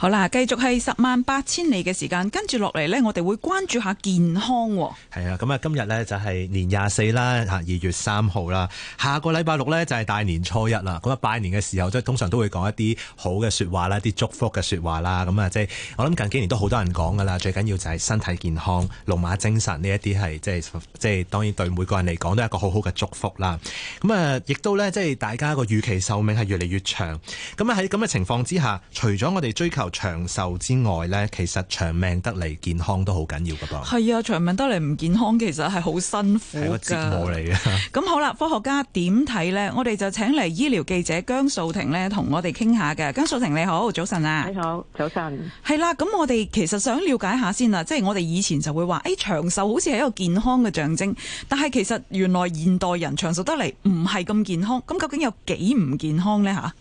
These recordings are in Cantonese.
好啦，繼續係十萬八千里嘅時間，跟住落嚟呢，我哋會關注下健康喎。係啊，咁啊，今日呢，就係年廿四啦，吓，二月三號啦，下個禮拜六呢，就係大年初一啦。咁啊，拜年嘅時候即係通常都會講一啲好嘅說話啦，啲祝福嘅說話啦。咁啊，即係我諗近幾年都好多人講噶啦，最緊要就係身體健康、龍馬精神呢一啲係即係即係，當然對每個人嚟講都係一個好好嘅祝福啦。咁啊，亦都呢，即係大家個預期壽命係越嚟越長。咁啊喺咁嘅情況之下，除咗我哋追求長壽之外呢，其實長命得嚟，健康都好緊要噶噃。係啊，長命得嚟唔健康，其實係好辛苦嘅，係個折磨嚟噶。咁好啦，科學家點睇呢？我哋就請嚟醫療記者姜素婷呢，同我哋傾下嘅。姜素婷你好，早晨啊！你好，早晨。係啦，咁我哋其實想了解下先啦，即係我哋以前就會話，誒，長壽好似係一個健康嘅象徵，但係其實原來現代人長壽得嚟唔係咁健康，咁究竟有幾唔健康呢？吓？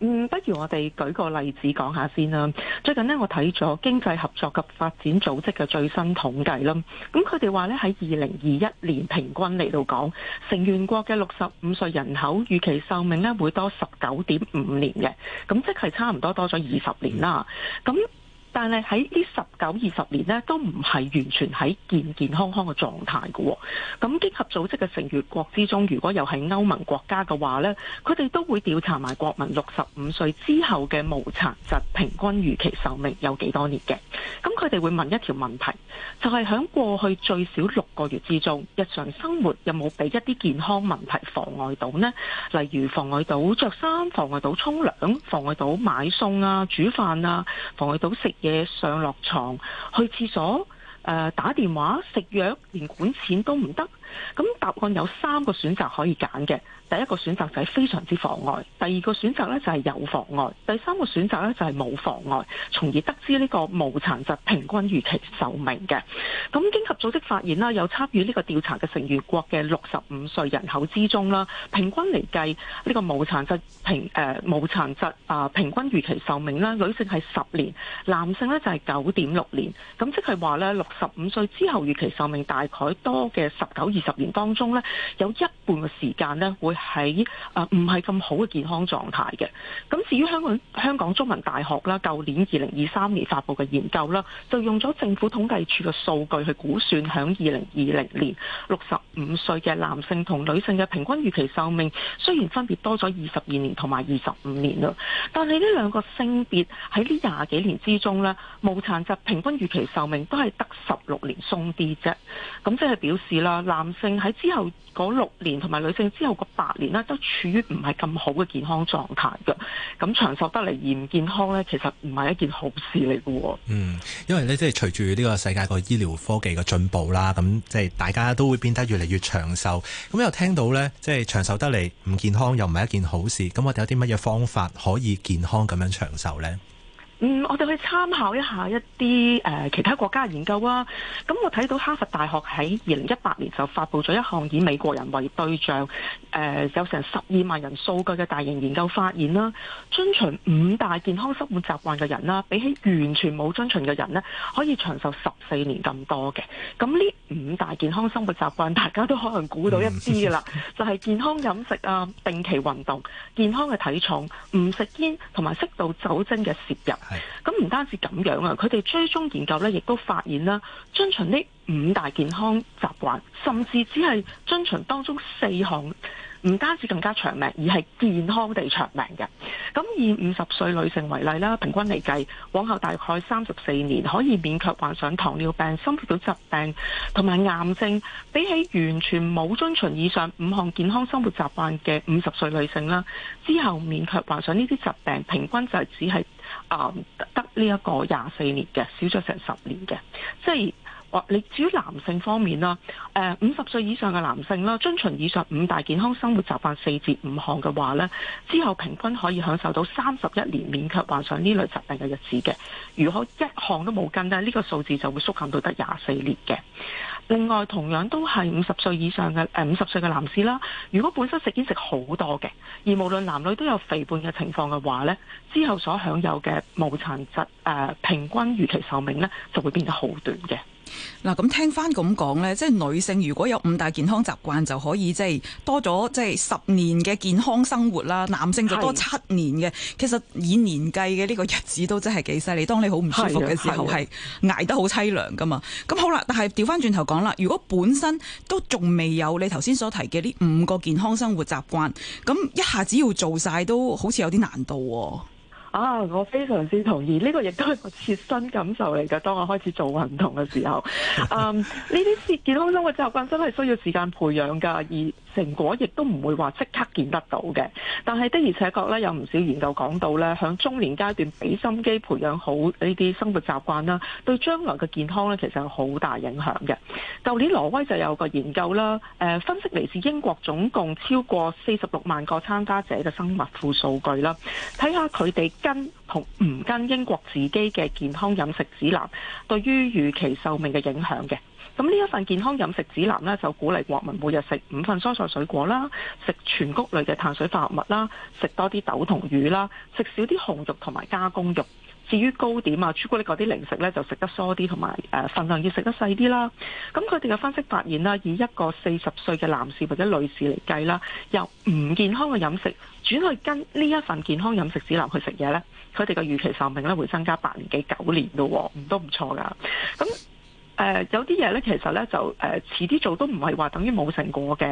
嗯，不如我哋舉個例子講下先啦。最近呢，我睇咗經濟合作及發展組織嘅最新統計啦。咁佢哋話呢，喺二零二一年平均嚟到講，成員國嘅六十五歲人口預期壽命呢會多十九點五年嘅。咁即係差唔多多咗二十年啦。咁但係喺呢十九二十年呢，都唔係完全喺健健康康嘅狀態嘅，哦。咁經合組織嘅成員國之中，如果又係歐盟國家嘅話呢，佢哋都會調查埋國民六十五歲之後嘅無殘疾平均預期壽命有幾多年嘅。咁佢哋會問一條問題，就係喺過去最少六個月之中，日常生活有冇俾一啲健康問題妨礙到呢？例如妨礙到着衫、妨礙到沖涼、妨礙到買餸啊、煮飯啊、妨礙到食，嘅上落床、去廁所、誒、呃、打電話、食藥，連管錢都唔得。咁答案有三個選擇可以揀嘅，第一個選擇就係非常之妨礙，第二個選擇呢就係有妨礙，第三個選擇呢就係冇妨礙，從而得知呢個無殘疾平均預期壽命嘅。咁經合組織發現啦，有參與呢個調查嘅成員國嘅六十五歲人口之中啦，平均嚟計呢個無殘疾平、呃、無殘疾啊、呃、平均預期壽命呢，女性係十年，男性呢就係九點六年，咁即係話呢，六十五歲之後預期壽命大概多嘅十九二。十年當中咧，有一半嘅時間咧，會喺啊唔係咁好嘅健康狀態嘅。咁至於香港香港，中文大學啦，舊年二零二三年發布嘅研究啦，就用咗政府統計處嘅數據去估算，響二零二零年六十五歲嘅男性同女性嘅平均預期壽命，雖然分別多咗二十二年同埋二十五年啦，但係呢兩個性別喺呢廿幾年之中咧，無殘疾平均預期壽命都係得十六年鬆啲啫。咁即係表示啦，男性喺之後嗰六年，同埋女性之後嗰八年呢，都處於唔係咁好嘅健康狀態㗎。咁長壽得嚟而唔健康呢，其實唔係一件好事嚟㗎。嗯，因為呢，即係隨住呢個世界個醫療科技嘅進步啦，咁即係大家都會變得越嚟越長壽。咁又聽到呢，即係長壽得嚟唔健康，又唔係一件好事。咁我哋有啲乜嘢方法可以健康咁樣長壽呢？嗯，我哋去參考一下一啲誒、呃、其他國家嘅研究啊。咁、嗯、我睇到哈佛大學喺二零一八年就發布咗一項以美國人為對象，誒、呃、有成十二萬人數據嘅大型研究發現啦，遵循五大健康生活習慣嘅人啦，比起完全冇遵循嘅人呢，可以長壽十四年咁多嘅。咁呢五大健康生活習慣，大家都可能估到一啲噶啦，嗯、是是就係健康飲食啊、定期運動、健康嘅體重、唔食煙同埋適度酒精嘅攝入。咁唔單止咁樣啊，佢哋追蹤研究咧，亦都發現啦，遵循呢五大健康習慣，甚至只係遵循當中四項。唔單止更加長命，而係健康地長命嘅。咁以五十歲女性為例啦，平均嚟計，往後大概三十四年可以免卻患上糖尿病、心血管疾病同埋癌症，比起完全冇遵循以上五項健康生活習慣嘅五十歲女性啦，之後免卻患上呢啲疾病，平均就係只係、呃、得呢一個廿四年嘅，少咗成十年嘅。即你至於男性方面啦，誒五十歲以上嘅男性啦，遵循以上五大健康生活習慣四至五項嘅話呢，之後平均可以享受到三十一年免卻患上呢類疾病嘅日子嘅。如果一項都冇跟咧，呢個數字就會縮減到得廿四年嘅。另外同樣都係五十歲以上嘅誒五十歲嘅男士啦，如果本身食煙食好多嘅，而無論男女都有肥胖嘅情況嘅話呢，之後所享有嘅無殘疾、呃、平均預期壽命呢，就會變得好短嘅。嗱，咁聽翻咁講呢，即係女性如果有五大健康習慣就可以，即係多咗即係十年嘅健康生活啦。男性就多七年嘅。是其實以年計嘅呢個日子都真係幾犀利。當你好唔舒服嘅時候，係捱得好淒涼噶嘛。咁好啦，但係調翻轉頭講啦，如果本身都仲未有你頭先所提嘅呢五個健康生活習慣，咁一下子要做晒都好似有啲難度喎，啊。啊！我非常之同意，呢個亦都係個切身感受嚟噶。當我開始做運動嘅時候，嗯，um，呢啲健健康生活習慣真係需要時間培養噶，而成果亦都唔會話即刻見得到嘅。但係的而且確咧，有唔少研究講到咧，響中年階段俾心機培養好呢啲生活習慣啦，對將來嘅健康咧，其實係好大影響嘅。舊年挪威就有個研究啦，誒，分析嚟自英國總共超過四十六萬個參加者嘅生物庫數據啦，睇下佢哋，跟同唔跟英國自己嘅健康飲食指南對於預期壽命嘅影響嘅，咁呢一份健康飲食指南呢，就鼓勵國民每日食五份蔬菜水果啦，食全穀類嘅碳水化合物啦，食多啲豆同魚啦，食少啲紅肉同埋加工肉。至於糕點啊，朱古力嗰啲零食呢，就食得疏啲，同埋誒份量要食得細啲啦。咁佢哋嘅分析發現啦，以一個四十歲嘅男士或者女士嚟計啦，由唔健康嘅飲食轉去跟呢一份健康飲食指南去食嘢呢，佢哋嘅預期壽命呢會增加八年幾九年嘅，都唔錯噶。咁誒、呃、有啲嘢咧，其實咧就誒、呃、遲啲做都唔係話等於冇成果嘅。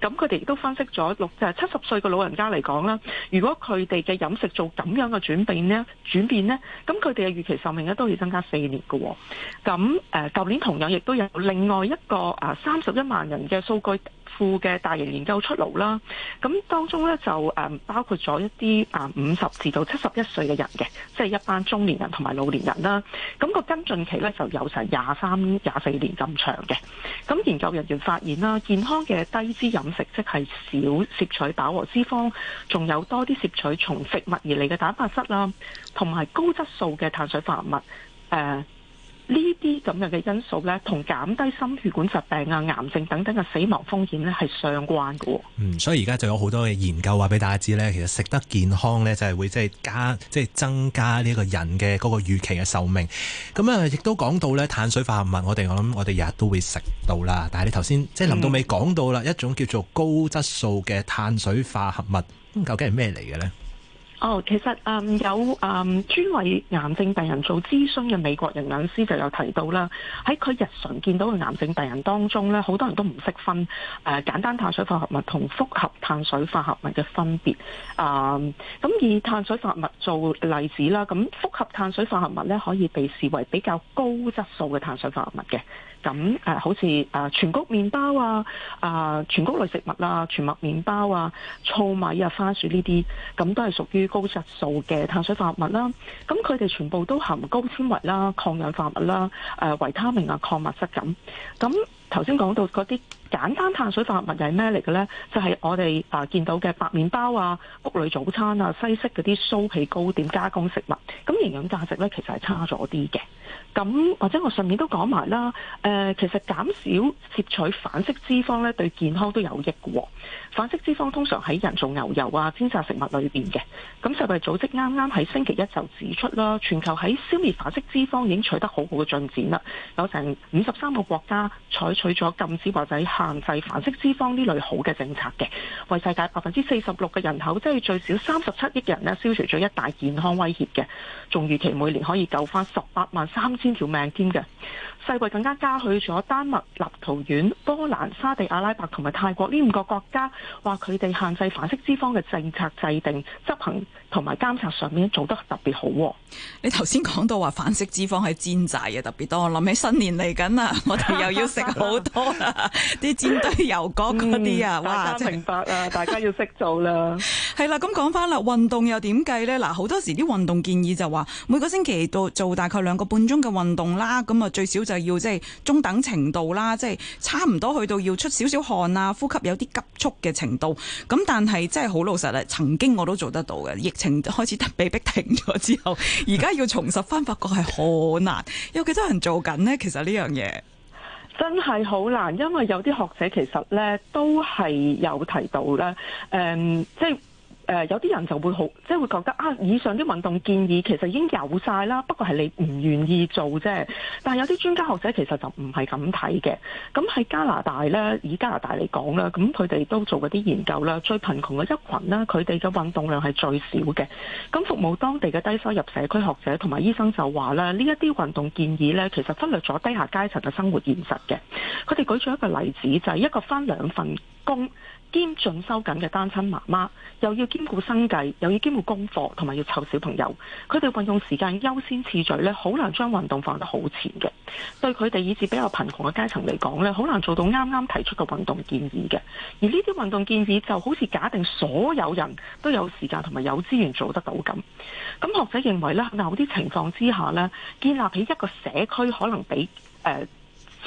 咁佢哋亦都分析咗六七十歲嘅老人家嚟講啦，如果佢哋嘅飲食做咁樣嘅轉變呢，轉變呢，咁佢哋嘅預期壽命咧都要增加四年嘅、哦。咁誒，舊、呃、年同樣亦都有另外一個啊、呃、三十一萬人嘅數據富嘅大型研究出爐啦，咁當中咧就誒包括咗一啲啊五十至到七十一歲嘅人嘅，即係一班中年人同埋老年人啦。咁個跟進期咧就有成廿三廿四年咁長嘅。咁研究人員發現啦，健康嘅低脂飲食，即係少攝取飽和脂肪，仲有多啲攝取從食物而嚟嘅蛋白質啦，同埋高質素嘅碳水化合物呃呢啲咁樣嘅因素咧，同減低心血管疾病啊、癌症等等嘅死亡風險咧，係相關㗎。嗯，所以而家就有好多嘅研究話俾大家知咧，其實食得健康咧，就係會即係加即係增加呢一個人嘅嗰個預期嘅壽命。咁、嗯、啊，亦都講到咧碳水化合物我，我哋我諗我哋日日都會食到啦。但係你頭先即係臨到尾講到啦，嗯、一種叫做高質素嘅碳水化合物，究竟係咩嚟嘅咧？哦，oh，其實有，有專為癌症病人做諮詢嘅美國營養師就有提到啦，喺佢日常見到嘅癌症病人當中咧，好多人都唔識分誒簡單碳水化合物同複合碳水化合物嘅分別。啊，咁以碳水化合物做例子啦，咁複合碳水化合物咧，可以被視為比較高質素嘅碳水化合物嘅。咁誒、啊，好似誒、啊、全穀麵包啊、啊全穀類食物啦、啊，全麥麵，麵包啊、糙米啊、番薯呢啲，咁都係屬於高質素嘅碳水化合物啦、啊。咁佢哋全部都含高纖維啦、啊、抗氧化物啦、啊啊、維他命啊、礦物質咁。咁頭先講到嗰啲簡單碳水化合物係咩嚟嘅咧？就係、是、我哋啊見到嘅白麵包啊、穀類早餐啊、西式嗰啲酥皮糕點加工食物。咁營養價值咧，其實係差咗啲嘅。咁或者我順便都講埋啦，誒其實減少攝取反式脂肪咧，對健康都有益嘅喎。反式脂肪通常喺人造牛油啊、煎炸食物裏邊嘅。咁世衞組織啱啱喺星期一就指出啦，全球喺消滅反式脂肪已經取得好好嘅進展啦，有成五十三個國家採取咗禁止或者限制反式脂肪呢類好嘅政策嘅，為世界百分之四十六嘅人口即係最少三十七億人呢消除咗一大健康威脅嘅，仲預期每年可以救翻十八萬三。啱先條命添嘅。世季更加加許咗丹麥、立陶宛、波蘭、沙地、阿拉伯同埋泰國呢五個國家，話佢哋限制反式脂肪嘅政策制定、執行同埋監察上面做得特別好啊。你頭先講到話反式脂肪係煎炸嘅特別多，諗起新年嚟緊啊，我哋又要食好多啲煎堆油角嗰啲啊， 嗯、哇！明白啊， 嗯，大家要識做啦。係啦，咁講翻啦，運動又點計呢？嗱，好多時啲運動建議就話每個星期到做大概兩個半鐘嘅運動啦，咁啊最少就是。要即係中等程度啦，即係差唔多去到要出少少汗啊，呼吸有啲急促嘅程度。咁但係真係好老實咧，曾經我都做得到嘅。疫情開始被逼停咗之後，而家要重拾返，發覺係好難。有幾多人做緊呢？其實呢樣嘢真係好難，因為有啲學者其實咧都係有提到啦，誒、嗯，即係。誒有啲人就會好，即係會覺得啊，以上啲運動建議其實已經有晒啦，不過係你唔願意做啫。但有啲專家學者其實就唔係咁睇嘅。咁喺加拿大呢，以加拿大嚟講啦，咁佢哋都做嗰啲研究啦。最貧窮嘅一群呢，佢哋嘅運動量係最少嘅。咁服務當地嘅低收入社區學者同埋醫生就話啦，呢一啲運動建議呢，其實忽略咗低下階層嘅生活現實嘅。佢哋舉咗一個例子，就係一個返兩份工。兼進修緊嘅單親媽媽，又要兼顧生計，又要兼顧功課，同埋要湊小朋友，佢哋運用時間優先次序呢，好難將運動放得好前嘅。對佢哋以至比較貧窮嘅階層嚟講呢，好難做到啱啱提出嘅運動建議嘅。而呢啲運動建議就好似假定所有人都有時間同埋有資源做得到咁。咁學者認為呢，某啲情況之下呢，建立起一個社區，可能比誒、呃、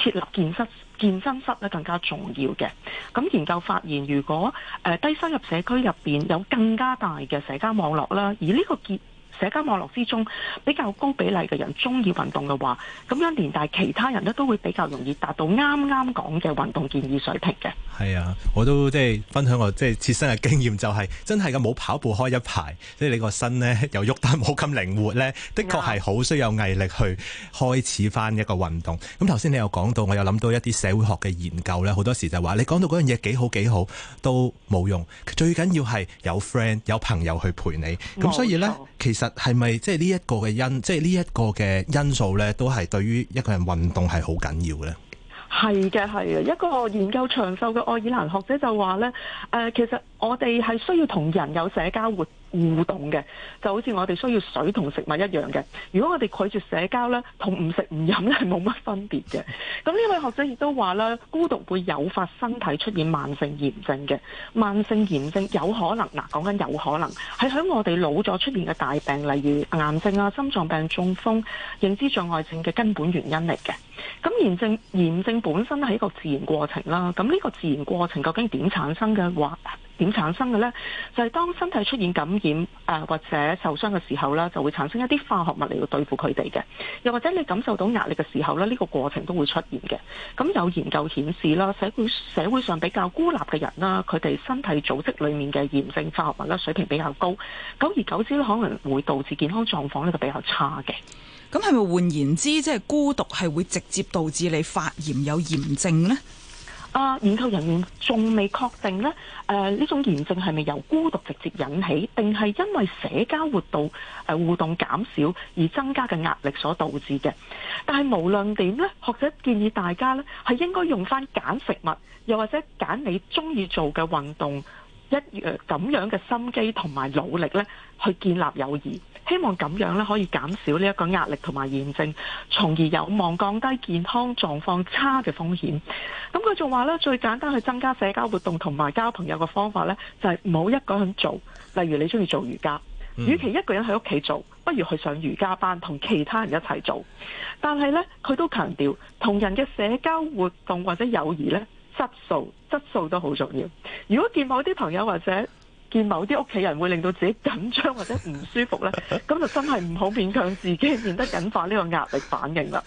設立健身健身室咧更加重要嘅。咁研究發現，如果誒低收入社區入邊有更加大嘅社交網絡啦，而呢個結社交網絡之中比較高比例嘅人中意運動嘅話，咁樣連帶其他人呢都會比較容易達到啱啱講嘅運動建議水平嘅。係啊，我都即係分享我即係切身嘅經驗，就係真係噉冇跑步開一排，即係你個身呢又喐得冇咁靈活呢，的確係好需要毅力去開始翻一個運動。咁頭先你有講到，我有諗到一啲社會學嘅研究呢，好多時就話你講到嗰樣嘢幾好幾好都冇用，最緊要係有 friend，有朋友去陪你。咁所以呢，其實其實係咪即係呢一個嘅因，即係呢一個嘅因素咧，都係對於一個人運動係好緊要嘅咧。係嘅，係嘅。一個研究長壽嘅愛爾蘭學者就話呢，誒、呃，其實我哋係需要同人有社交活互動嘅，就好似我哋需要水同食物一樣嘅。如果我哋拒絕社交呢，同唔食唔飲咧係冇乜分別嘅。咁呢位學者亦都話呢，孤獨會誘發身體出現慢性炎症嘅，慢性炎症有可能嗱，講緊有可能係響我哋老咗出現嘅大病，例如癌症啊、心臟病、中風、認知障礙症嘅根本原因嚟嘅。咁炎症，炎症本身係一個自然過程啦，咁呢個自然過程究竟點產生嘅話點產生嘅呢？就係、是、當身體出現感染誒、呃、或者受傷嘅時候啦，就會產生一啲化學物嚟到對付佢哋嘅。又或者你感受到壓力嘅時候咧，呢、這個過程都會出現嘅。咁有研究顯示啦，社會，社會上比較孤立嘅人啦，佢哋身體組織裏面嘅炎症化學物水平比較高，久而久之可能會導致健康狀況呢就比較差嘅。咁係咪換言之，即係孤獨係會直接導致你發炎有炎症呢？啊、呃，研究人員仲未確定咧。誒、呃，呢種炎症係咪由孤獨直接引起，定係因為社交活動誒、呃、互動減少而增加嘅壓力所導致嘅？但係無論點咧，學者建議大家咧係應該用翻揀食物，又或者揀你中意做嘅運動，一咁、呃、樣嘅心機同埋努力咧，去建立友誼。希望咁樣咧可以減少呢一個壓力同埋炎症，從而有望降低健康狀況差嘅風險。咁佢仲話咧，最簡單去增加社交活動同埋交朋友嘅方法咧，就係唔好一個人做。例如你鍾意做瑜伽，與、嗯、其一個人喺屋企做，不如去上瑜伽班，同其他人一齊做。但係咧，佢都強調同人嘅社交活動或者友誼咧，質素質素都好重要。如果見某啲朋友或者，見某啲屋企人會令到自己緊張或者唔舒服呢，咁就真係唔好勉強自己，免得引發呢個壓力反應啦。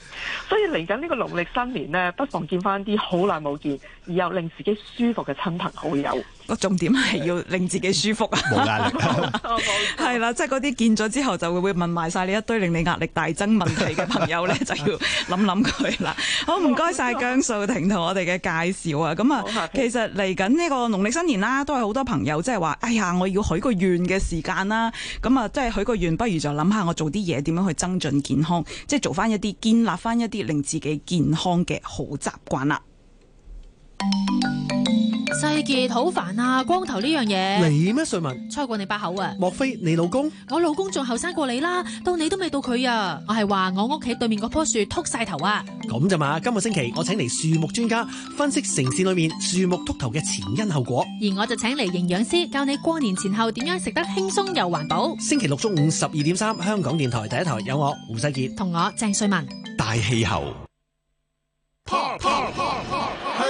所以嚟緊呢個農曆新年呢，不妨見翻啲好耐冇見。而有令自己舒服嘅親朋好友，個重點係要令自己舒服啊！冇壓力，係啦，即係嗰啲見咗之後就會會問埋晒你一堆令你壓力大增問題嘅朋友咧， 就要諗諗佢啦。好，唔該晒姜素婷同我哋嘅介紹啊。咁啊，其實嚟緊呢個農曆新年啦，都係好多朋友即係話，哎呀，我要許個願嘅時間啦。咁啊，即係許個願，不如就諗下我做啲嘢點樣去增進健康，即係做翻一啲建立翻一啲令自己健康嘅好習慣啦。世杰好煩啊，光頭呢樣嘢你咩？瑞文，吹過你把口啊！莫非你老公？我老公仲後生過你啦，到你都未到佢啊！我係話我屋企對面嗰棵樹禿晒頭啊！咁就嘛，今個星期我請嚟樹木專家分析城市裏面樹木禿頭嘅前因後果，而我就請嚟營養師教你過年前後點樣食得輕鬆又環保。星期六中午十二點三，3, 香港電台第一台有我胡世杰同我鄭瑞文大氣候。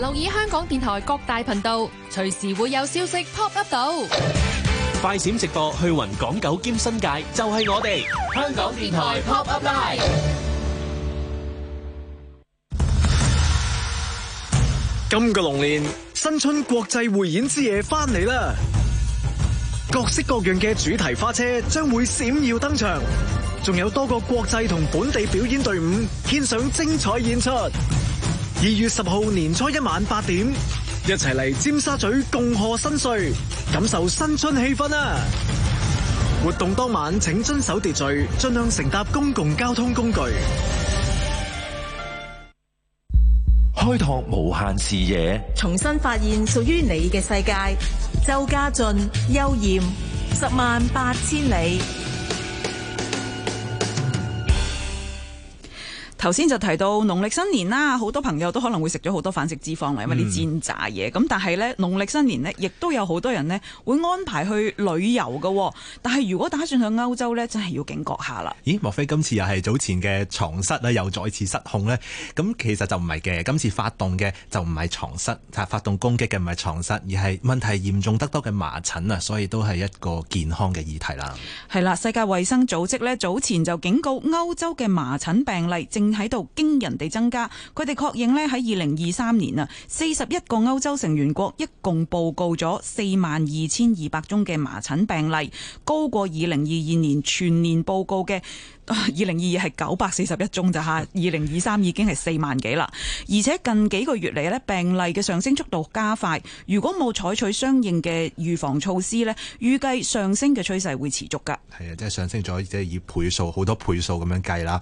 留意香港電台各大頻道，隨時會有消息 pop up 到。快閃直播去雲港九兼新界，就係、是、我哋香港電台 pop up live。今個龍年新春國際匯演之夜翻嚟啦！各式各樣嘅主題花車將會閃耀登場，仲有多個國際同本地表演隊伍獻上精彩演出。二月十號年初一晚八點，一齊嚟尖沙咀共賀新歲，感受新春氣氛啊！活動當晚請遵守秩序，盡量乘搭公共交通工具，開拓無限視野，重新發現屬於你嘅世界。周家俊、悠艷，十萬八千里。頭先就提到農曆新年啦，好多朋友都可能會食咗好多反式脂肪啦，因為啲煎炸嘢。咁、嗯、但係呢農曆新年呢亦都有好多人呢會安排去旅遊嘅。但係如果打算去歐洲呢，真係要警覺下啦。咦？莫非今次又係早前嘅床蝨啊，又再次失控呢？咁其實就唔係嘅，今次發動嘅就唔係床蝨，係發動攻擊嘅唔係床蝨，而係問題嚴重得多嘅麻疹啊，所以都係一個健康嘅議題啦。係啦，世界衛生組織呢，早前就警告歐洲嘅麻疹病例正喺度驚人地增加，佢哋確認呢，喺二零二三年啊，四十一個歐洲成員國一共報告咗四萬二千二百宗嘅麻疹病例，高過二零二二年全年報告嘅。二零二二係九百四十一宗咋吓，二零二三已經係四萬幾啦，而且近幾個月嚟咧，病例嘅上升速度加快，如果冇採取相應嘅預防措施咧，預計上升嘅趨勢會持續噶。係啊，即係上升咗，即係以倍數好多倍數咁樣計啦。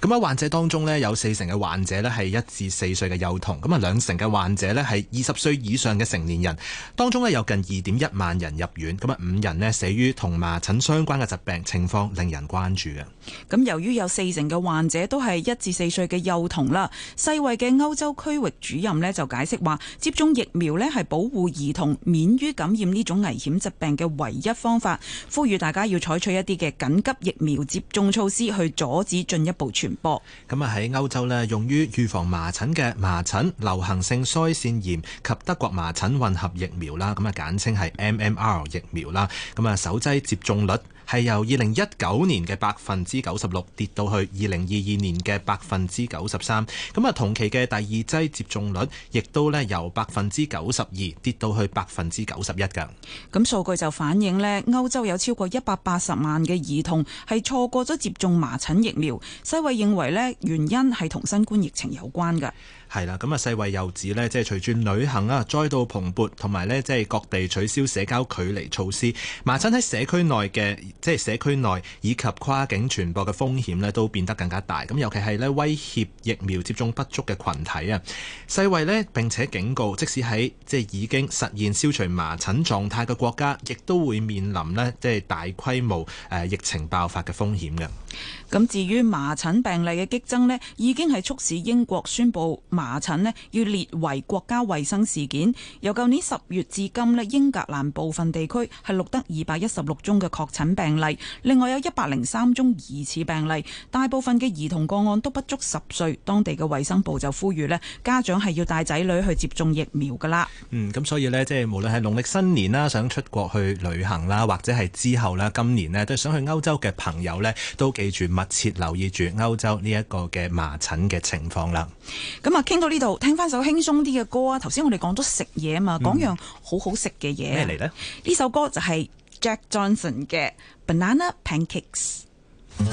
咁喺患者當中呢，有四成嘅患者呢係一至四歲嘅幼童，咁啊兩成嘅患者呢係二十歲以上嘅成年人，當中呢，有近二點一萬人入院，咁啊五人呢死於同麻疹相關嘅疾病，情況令人關注嘅。咁由於有四成嘅患者都係一至四歲嘅幼童啦，世衛嘅歐洲區域主任呢就解釋話，接種疫苗呢係保護兒童免於感染呢種危險疾病嘅唯一方法，呼籲大家要採取一啲嘅緊急疫苗接種措施去阻止進一步傳播。咁啊喺歐洲呢，用於預防麻疹嘅麻疹流行性腮腺炎及德國麻疹混合疫苗啦，咁啊簡稱係 MMR 疫苗啦。咁啊首劑接種率，係由二零一九年嘅百分之九十六跌到去二零二二年嘅百分之九十三，咁啊同期嘅第二劑接種率亦都呢由百分之九十二跌到去百分之九十一嘅。咁數據就反映呢，歐洲有超過一百八十萬嘅兒童係錯過咗接種麻疹疫苗。世衛認為呢，原因係同新冠疫情有關嘅。係啦，咁啊世衛又指呢，即係隨住旅行啊再度蓬勃，同埋呢即係各地取消社交距離措施，麻疹喺社區內嘅。即係社區內以及跨境傳播嘅風險咧都變得更加大。咁尤其係咧威脅疫苗接種不足嘅群體啊，世衛咧並且警告，即使喺即係已經實現消除麻疹狀態嘅國家，亦都會面臨咧即係大規模誒疫情爆發嘅風險嘅。咁至於麻疹病例嘅激增呢，已經係促使英國宣布麻疹呢要列為國家衛生事件。由舊年十月至今呢，英格蘭部分地區係錄得二百一十六宗嘅確診病例，另外有一百零三宗疑似病例。大部分嘅兒童個案都不足十歲，當地嘅衛生部就呼籲呢家長係要帶仔女去接種疫苗㗎啦。嗯，咁所以呢，即係無論係農曆新年啦，想出國去旅行啦，或者係之後啦、今年呢，都想去歐洲嘅朋友呢，都記住問。密切留意住歐洲呢一個嘅麻疹嘅情況啦。咁啊、嗯，傾到呢度，聽翻首輕鬆啲嘅歌啊。頭先我哋講咗食嘢啊嘛，講樣好好食嘅嘢咩嚟咧？呢、嗯、首歌就係 Jack Johnson 嘅 Banana Pancakes。